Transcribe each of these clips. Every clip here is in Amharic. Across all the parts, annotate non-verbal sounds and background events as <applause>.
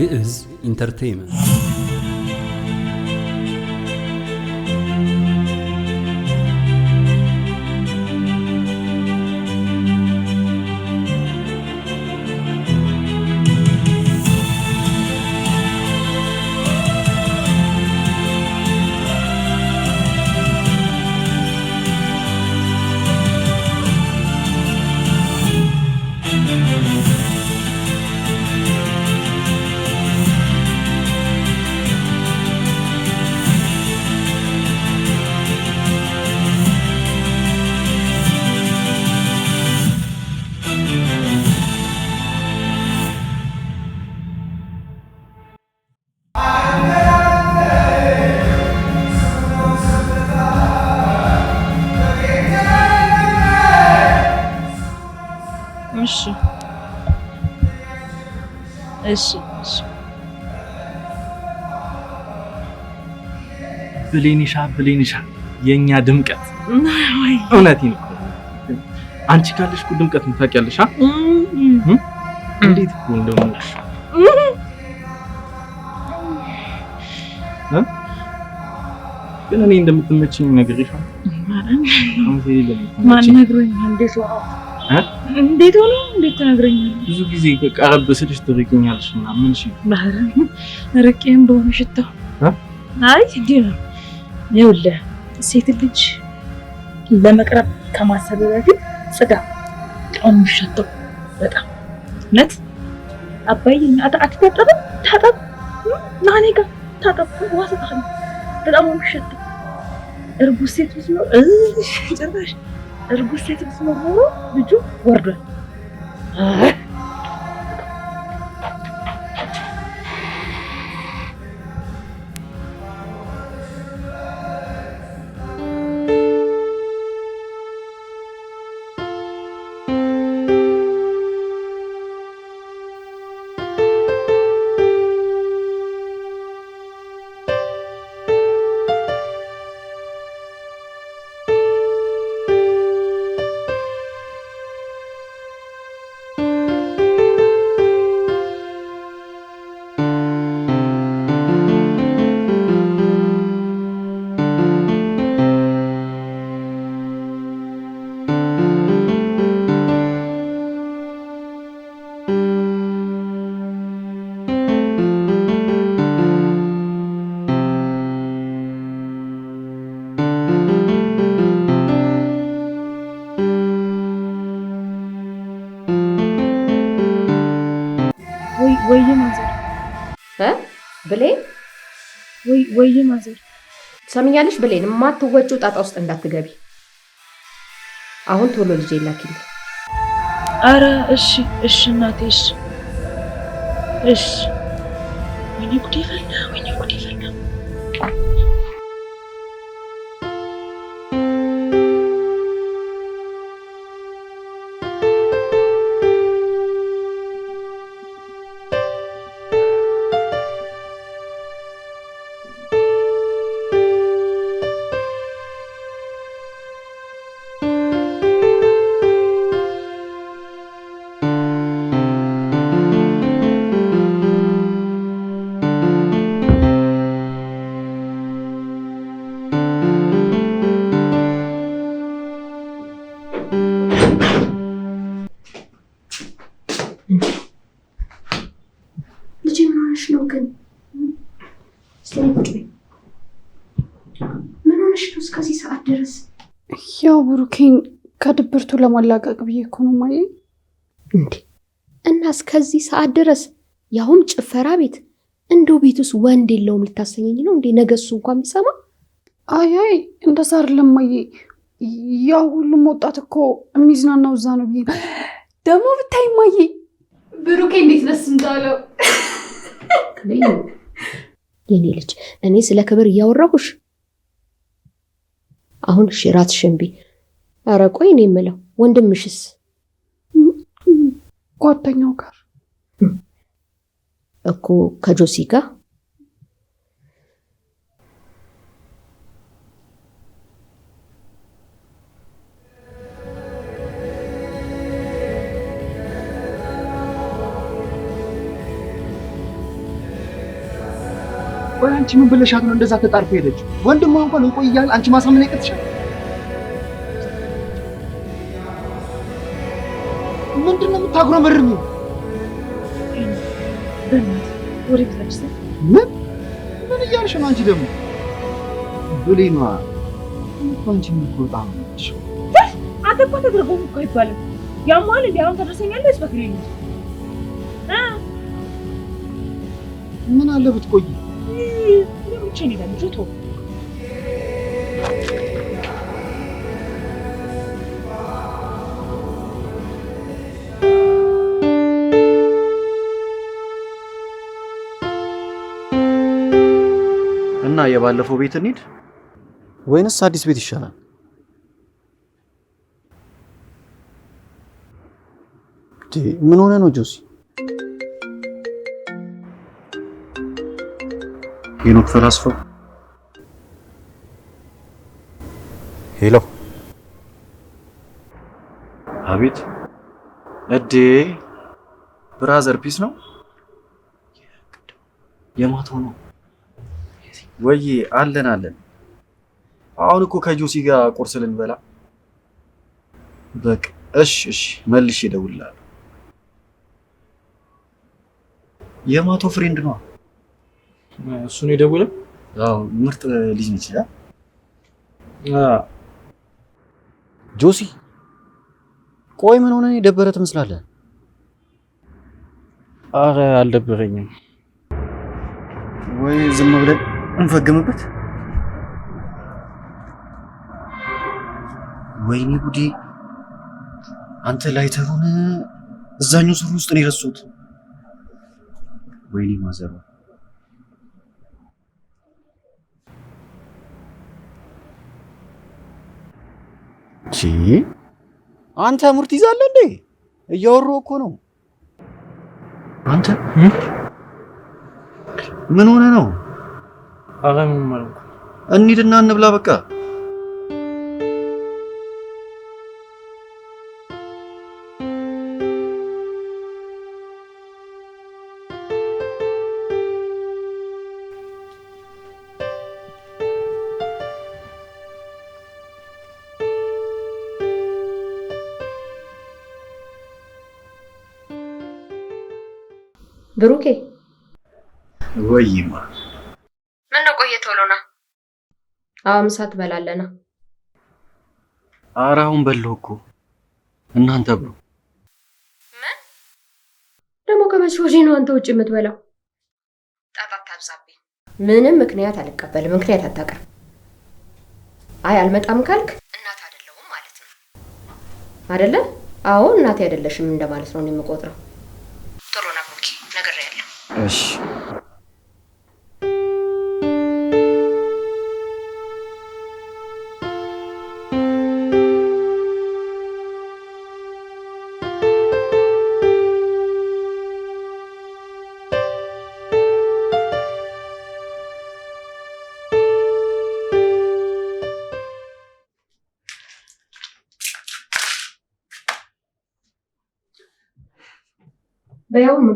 ግዕዝ ኢንተርቴይመንት እሺ እሺ ብሌኒሻ ብሌኒሻ የኛ ድምቀት እውነት እኮ አንቺ ካለሽ እኮ ድምቀት ታውቂያለሽ። እንዴት እኮ እንደምልሽ ግን እኔ እንደምትመችኝ ነግሬሻለሁ። ማን ነግሮኛል? እንዴት ሆኖ እንዴት ትነግረኛለህ? ብዙ ጊዜ ቀረብ ስልሽ ትርቂኛለሽ እና ምን እሺ፣ ርቄም በሆነ ሽታው አይ እንዲህ ነው። ይኸውልህ ሴት ልጅ ለመቅረብ ከማሰብ በፊት ጽዳ ጣም የሚሸተው በጣም እውነት አባዬ አትታጠብም? ታጠብ፣ ና ጋር ታጠብ። ዋሰጣ በጣም የሚሸተው እርጉዝ ሴት ልጅ ነው ጭራሽ እርጉዝ ሴት ቢኖር ልጁ ወርዷል። ብሌን ወይ ማዘር ትሰሚኛለሽ? ብሌን የማትወጪው ጣጣ ውስጥ እንዳትገቢ። አሁን ቶሎ ልጄ ላኪልኝ። አረ እሺ፣ እሺ እናቴ፣ እሺ፣ እሺ። ወይኔ ጉዴ! ብሩኬን ከድብርቱ ለማላቀቅ ብዬ እኮ ነው ማየ እንዴ። እና እስከዚህ ሰዓት ድረስ ያውም ጭፈራ ቤት እንደው ቤት ውስጥ ወንድ የለውም ልታሰኘኝ ነው እንዴ? ነገ እሱ እንኳን ቢሰማ። አይ አይ እንደዛ አይደለም ማየ። ያው ሁሉም ወጣት እኮ የሚዝናናው እዛ ነው ብዬ ደግሞ ብታይ ማየ፣ ብሩኬ እንዴት ደስ እንዳለው የኔ ልጅ። እኔ ስለ ክብር እያወራሁሽ አሁን ሽራት ራትሽን ኧረ ቆይ እኔ የምለው ወንድምሽስ? ጓደኛው ጋር እኮ ከጆሲ ጋር አንቺ ምን ብለሻት ነው እንደዛ ተጣርፈ ሄደች? ወንድሟ እንኳን እንቆያል አንቺ ማሳመን አይቀጥሻል። ምንድን ነው የምታጉረመርሚው? ወደ ቤታችን ሰው ምን ምን እያልሽ ነው አንቺ? ደግሞ ብሌኗ አንቺ የምትወጣ አንተ ተደርጎ እኮ አይባልም። ያሟል እንዲ አሁን ተደርሰኛለች ምን አለ ብትቆይ የባለፈው ቤት እንሂድ ወይንስ አዲስ ቤት ይሻላል? ምን ሆነ ነው ጆሲ? ሄኖክ ፈላስፋው። ሄሎ። አቤት። እዴ ብራዘር ፒስ ነው የማት ነው ወይ አለን አለን። አሁን እኮ ከጆሲ ጋር ቁርስ ልንበላ በቃ። እሽ እሽ፣ መልሽ ይደውላል። የማቶ ፍሬንድ ነው እሱ ነው የደወለው። አዎ ምርጥ ልጅ ነች። ጆሲ ቆይ ምን ሆነ? የደበረ ትመስላለህ። አረ አልደበረኝም። ወይ ዝም ብለህ እንፈግምበት። ወይኔ ጉዴ! አንተ ላይተሩን እዛኛው ሱሪ ውስጥ ነው የረሱት። ወይኔ ማዘሩ ቺ አንተ ሙርት ይዛለ እንዴ? እያወሩ እኮ ነው። አንተ ምን ሆነ ነው አረ ምንም አልኩ። እንሂድና እንብላ በቃ። ብሩኬ ወይማ አምሳት በላለና። ትበላለና። አሁን እኮ እናንተ ብሎ ምን ደግሞ ከመቼ ወዲህ ነው አንተ ውጭ የምትበላው? ጣጣ ታብዛብኝ። ምንም ምክንያት አልቀበልም። ምክንያት አታቀርም። አይ አልመጣም ካልክ እናት አይደለሁም ማለት ነው አይደለ? አዎ እናቴ አይደለሽም እንደማለት ነው እኔ የምቆጥረው። ጥሩ ነው ነገር ያለው እሺ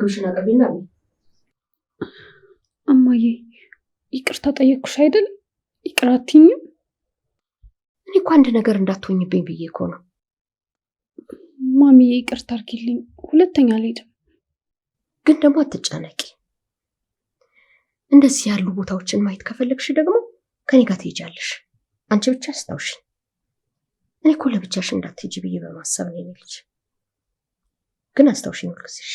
ፎቶሽን አቅርቢና እማዬ ይቅርታ ጠየቅኩሽ አይደል? ይቅር አትይኝም? እኔ እኮ አንድ ነገር እንዳትሆኝብኝ ብዬ እኮ ነው። ማሚዬ ይቅርታ አድርጊልኝ፣ ሁለተኛ አልሄድም። ግን ደግሞ አትጨነቂ። እንደዚህ ያሉ ቦታዎችን ማየት ከፈለግሽ ደግሞ ከኔ ጋር ትሄጃለሽ። አንቺ ብቻ አስታውሽ። እኔ እኮ ለብቻሽ እንዳትሄጂ ብዬ በማሰብ ነው ልጅ። ግን አስታውሽ ሁልጊዜ እሺ።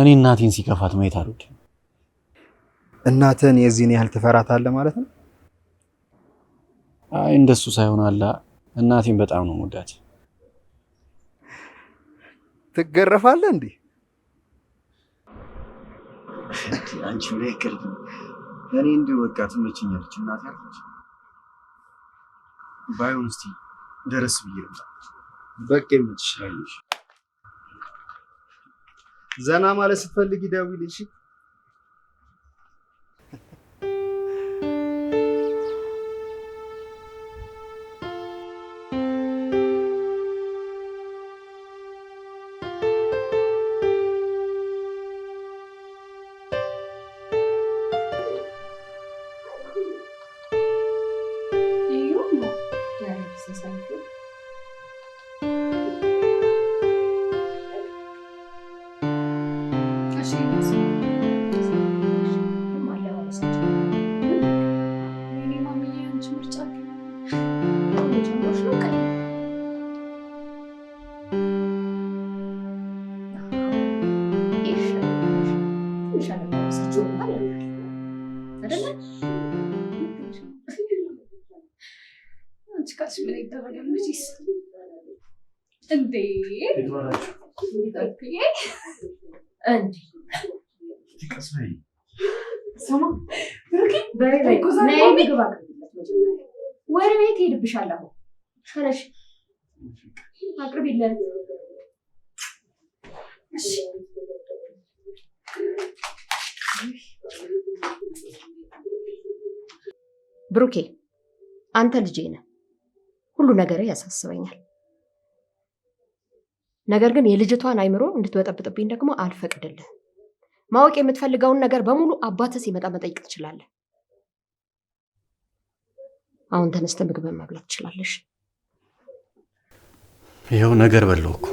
እኔ እናቴን ሲከፋት ማየት አሉት። እናትህን የዚህን ያህል ትፈራታለህ ማለት ነው? አይ እንደሱ ሳይሆን አላ እናቴን በጣም ነው ሙዳት። ትገረፋለህ እንዴ? አንቺ ምን ቅርብ እኔ እንዲሁ በቃ ትመችኛለች እናቴ አለች። ባይሆን እስኪ ደረስ ብዬ በቃ የምትሻለሽ ዘና ማለት ስትፈልጊ ደውዪልኝ። እንዴ ወደ ቤት ሄድብሻል። አሁን ተነሽ፣ አቅርቢለን። እሺ ብሩኬ፣ አንተ ልጄ ነህ። ሁሉ ነገር ያሳስበኛል። ነገር ግን የልጅቷን አይምሮ እንድትበጠብጥብኝ ደግሞ አልፈቅድልህ። ማወቅ የምትፈልገውን ነገር በሙሉ አባትህ ሲመጣ መጠይቅ ትችላለህ። አሁን ተነስተ ምግብን መብላት ትችላለሽ። ይኸው ነገር በለው እኮ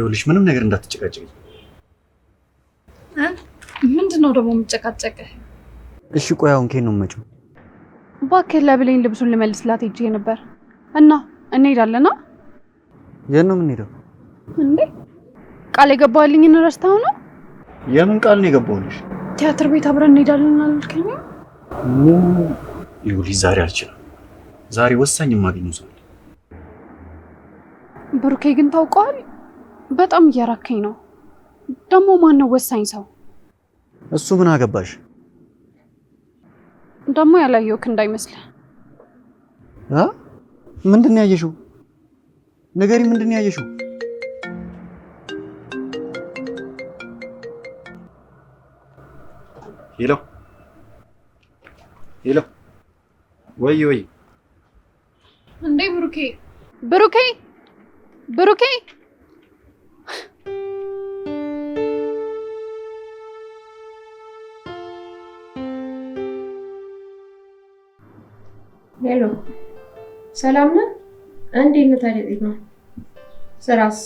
ይኸውልሽ ምንም ነገር እንዳትጨቃጨቅ። ምንድን ነው ደግሞ የምጨቃጨቀ? እሺ ቆይ አሁን ከየት ነው የምመጪው? እባክህ ለብሌን ልብሱን ልመልስላት ሄጄ ነበር እና እንሄዳለና የት ነው የምንሄደው? እንዴ ቃል የገባልኝን ረስተኸው ነው? የምን ቃል ነው የገባሁልሽ? ቲያትር ቤት አብረን እንሄዳለን አላልከኝም? ይኸውልሽ ዛሬ አልችልም። ዛሬ ወሳኝ የማገኘው ሰው ብሩኬ ግን ታውቀዋል። በጣም እየራከኝ ነው። ደግሞ ነው ወሳኝ ሰው? እሱ ምን አገባሽ? ደግሞ ያላየውክ እንዳይመስልህ። ምንድን ነው ያየሽው? ንገሪ፣ ምንድን ነው ያየሽው? ሄሎ ሄሎ፣ ወይ ወይ፣ እንዴ! ብሩኬ፣ ብሩኬ፣ ብሩኬ ሄሎ፣ ሰላም ነህ? እንዴት ነህ? ታዲያ ጤና ስራስ?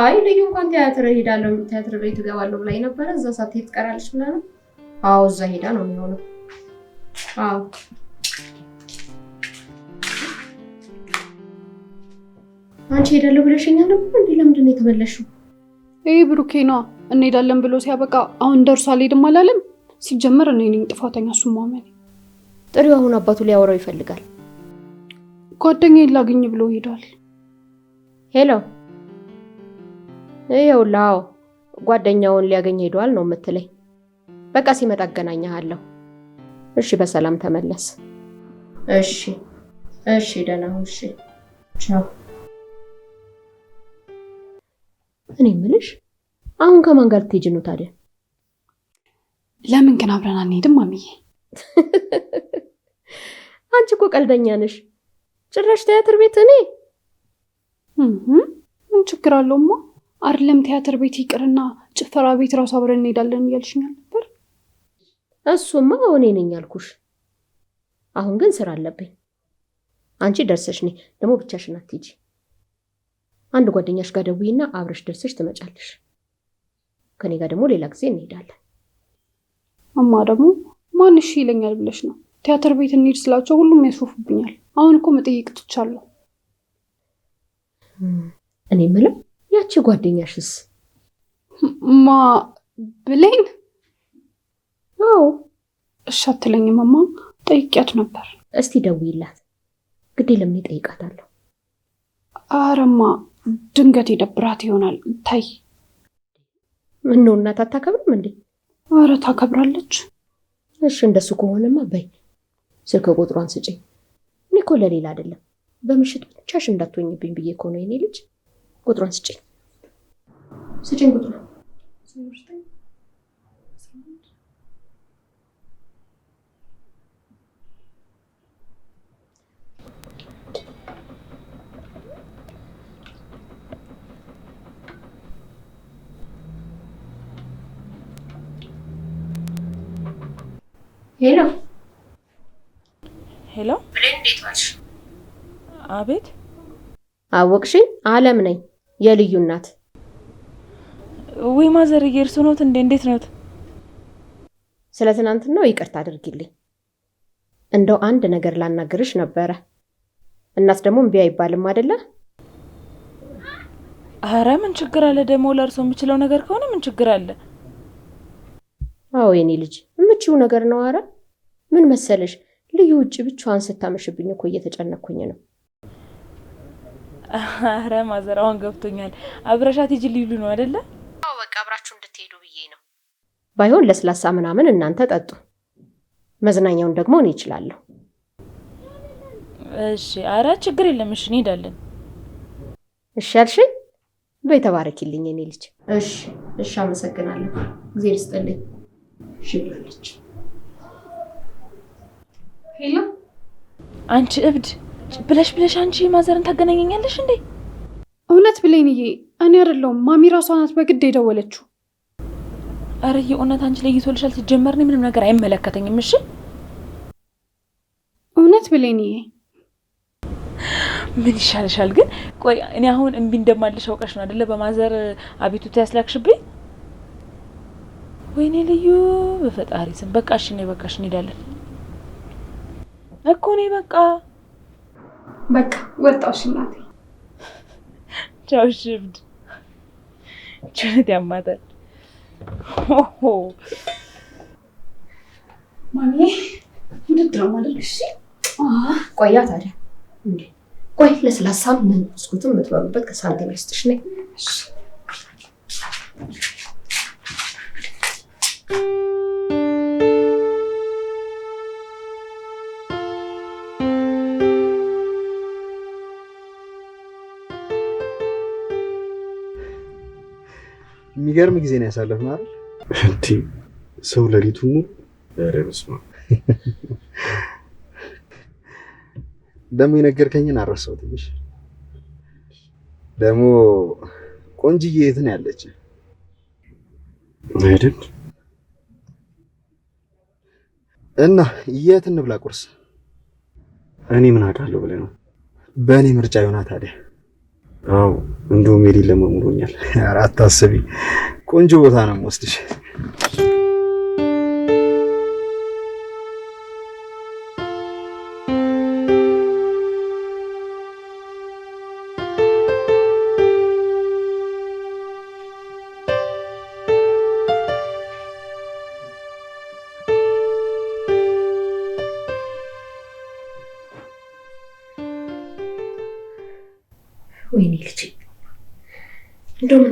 አይ ልዩ እንኳን ቲያትር ሄዳለሁ ቲያትር ቤት እገባለሁ ብላኝ ነበረ። እዛ ሳትሄድ ትቀራለች ምናምን። አዎ እዛ ሄዳ ነው የሚሆነው። አዎ አንቺ ሄዳለሁ ብለሽኝ አልነበረ እንዴ? ለምንድን ነው የተመለሽው? ይህ ብሩኬ ነዋ። እንሄዳለን ብሎ ሲያበቃ አሁን ደርሷል አልሄድም አላለም ሲጀመር እኔ ነኝ ጥፋተኛ እሱ ማመን። ጥሪው አሁን አባቱ ሊያወራው ይፈልጋል። ጓደኛ ላገኝ ብሎ ሄዷል። ሄሎ ይኸውልህ፣ ላው ጓደኛውን ሊያገኝ ሄደዋል ነው የምትለኝ? በቃ ሲመጣ አገናኘሃለሁ። እሺ፣ በሰላም ተመለስ። እሺ፣ እሺ፣ ደህና እሺ፣ ቻው። እኔ የምልሽ አሁን ከማን ጋር ልትሄጂ ነው ታዲያ? ለምን ግን አብረን አንሄድም ማሚዬ? <laughs> አንቺ እኮ ቀልደኛ ነሽ። ጭራሽ ቲያትር ቤት እኔ ምን ችግር አለውማ? አይደለም ቲያትር ቤት ይቅርና ጭፈራ ቤት ራሱ አብረን እንሄዳለን እያልሽኛል ነበር። እሱማ እኔ ነኝ ያልኩሽ። አሁን ግን ስራ አለብኝ። አንቺ ደርሰሽ ነይ። ደግሞ ብቻሽን አትሄጂ። አንድ ጓደኛሽ ጋር ደውይና አብረሽ ደርሰሽ ትመጫለሽ። ከኔ ጋር ደግሞ ሌላ ጊዜ እንሄዳለን። እማ ደግሞ ማን እሺ ይለኛል ብለሽ ነው? ቲያትር ቤት እንሂድ ስላቸው ሁሉም ያሾፉብኛል። አሁን እኮ መጠየቅ ትቻለሁ። እኔ የምልም ያቺ ጓደኛሽስ ማ ብሌን? አዎ እሺ አትለኝም እማ። ጠይቂያት ነበር። እስቲ ደውይላት። ግዴ ለምን ይጠይቃታለሁ? አረማ ድንገት የደብራት ይሆናል። ታይ ምነው እናት አታከብርም እንዴ? አረ ታከብራለች። እሺ እንደሱ ከሆነማ በይ ስልክ ቁጥሯን ስጪኝ። እኔ እኮ ለሌላ አይደለም በምሽት ብቻሽ እንዳትወኝብኝ ብዬ ከሆነ ነው የኔ ልጅ። ቁጥሯን ስጪኝ፣ ስጪኝ ቁጥሯን ሄሎ ሄሎ፣ አቤት። አወቅሽኝ? አለም ነኝ፣ የልዩ እናት። ወይ ማዘርዬ፣ እርስዎ ነዎት እንዴ? እንዴት ነዎት? ስለ ትናንትናው ይቅርታ አድርጊልኝ። እንደው አንድ ነገር ላናግርሽ ነበረ። እናት ደግሞ እምቢ አይባልም አይደለ? አረ ምን ችግር አለ ደግሞ፣ ለእርስዎ የምችለው ነገር ከሆነ ምን ችግር አለ? አዎ የኔ ልጅ የምችው ነገር ነው። አረ ምን መሰለሽ ልዩ ውጭ ብቻዋን ስታመሽብኝ እኮ እየተጨነኩኝ ነው። አረ ማዘራዋን ገብቶኛል። አብረሻት ሂጂ ሊሉ ነው አደለ? አዎ በቃ አብራችሁ እንድትሄዱ ብዬ ነው። ባይሆን ለስላሳ ምናምን እናንተ ጠጡ፣ መዝናኛውን ደግሞ እኔ እችላለሁ። እሺ አረ ችግር የለም እሺ እንሄዳለን። እሺ አልሽኝ። በይ ተባረኪልኝ የኔ ልጅ። እሺ እሺ፣ አመሰግናለሁ። ጊዜ ልስጥልኝ እሺ ሄሎ አንቺ እብድ ብለሽ ብለሽ አንቺ ማዘርን ታገናኘኛለሽ እንዴ? እውነት ብሌንዬ፣ እኔ አይደለሁም ማሚ ራሷ ናት በግድ የደወለችው። አረ የእውነት አንቺ ለይቶልሻል። ሲጀመር እኔ ምንም ነገር አይመለከተኝም። እሺ እውነት ብሌንዬ፣ ምን ይሻልሻል ግን? ቆይ እኔ አሁን እምቢ እንደማልሽ አውቀሽ ነው አይደለ በማዘር አቤቱታ ያስላክሽብኝ? ወይኔ ልዩ በፈጣሪ ስም በቃ እሺ፣ እኔ በቃ እሺ፣ እንሄዳለን እኮ እኔ በቃ በቃ ወጣው። እሺ እናቴ ቻው። ሽብድ ችነት ያማታል። ኦሆ ማሚ ውድድ ነው ማለት እሺ። ቆያ ታዲያ እንዴ ቆይ፣ ምን ብስኩትም የምትበሉበት ከሳንቲም ያስጥሽ ነኝ። የሚገርም ጊዜ ነው ያሳለፍን አይደል? ሰው ለሊቱ ሙሉ ኧረ ደግሞ የነገርከኝን አረሳሁት። ትንሽ ደግሞ ቆንጅዬ የት ነው ያለች አይደል? እና የት እንብላ ቁርስ? እኔ ምን አውቃለሁ ብለህ ነው። በእኔ ምርጫ ይሆናል ታዲያ አዎ እንደውም የሌለ መሙሎኛል። <laughs> አታስቢ፣ ቆንጆ ቦታ ነው የምወስድሽ።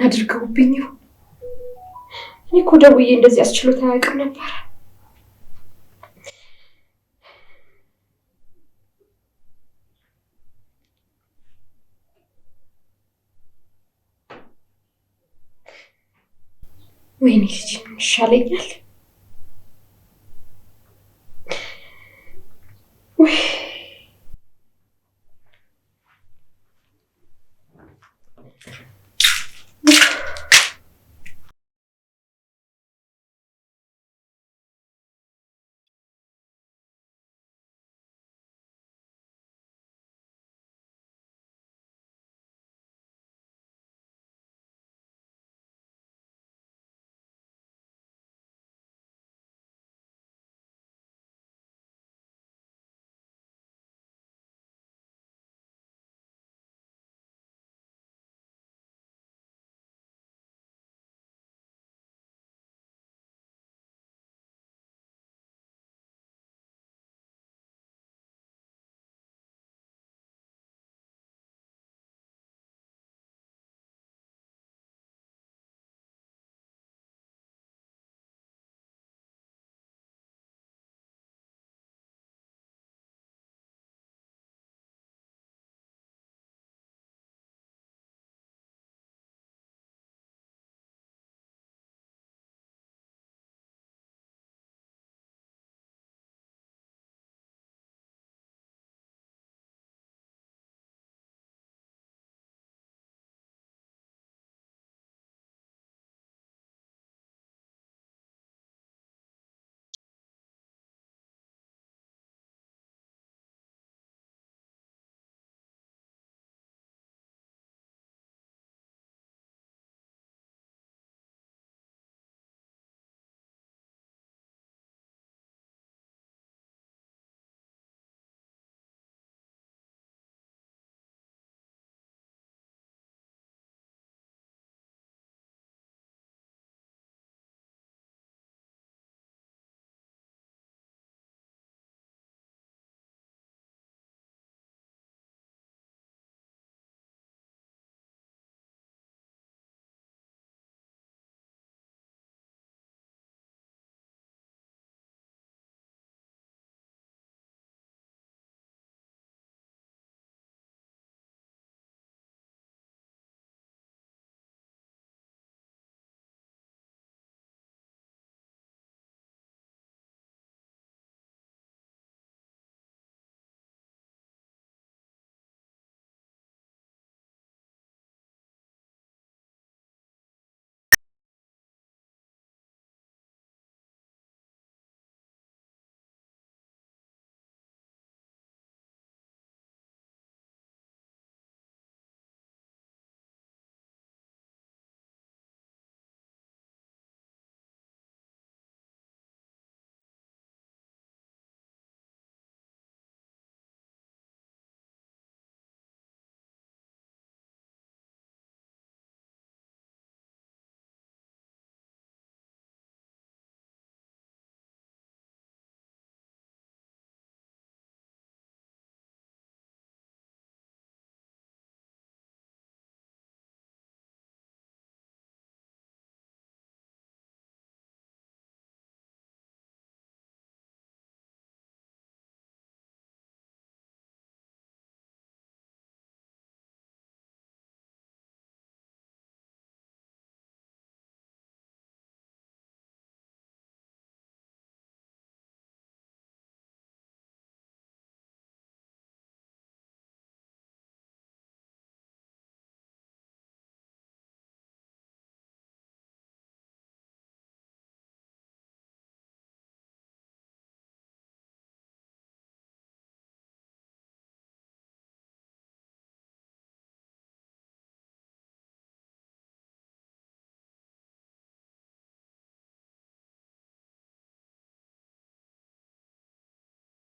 ምን አድርገውብኝ ይሁን? እኔ እኮ ደውዬ እንደዚህ አስችሎት አያውቅም ነበር። ወይኔ ልጅ ይሻለኛል።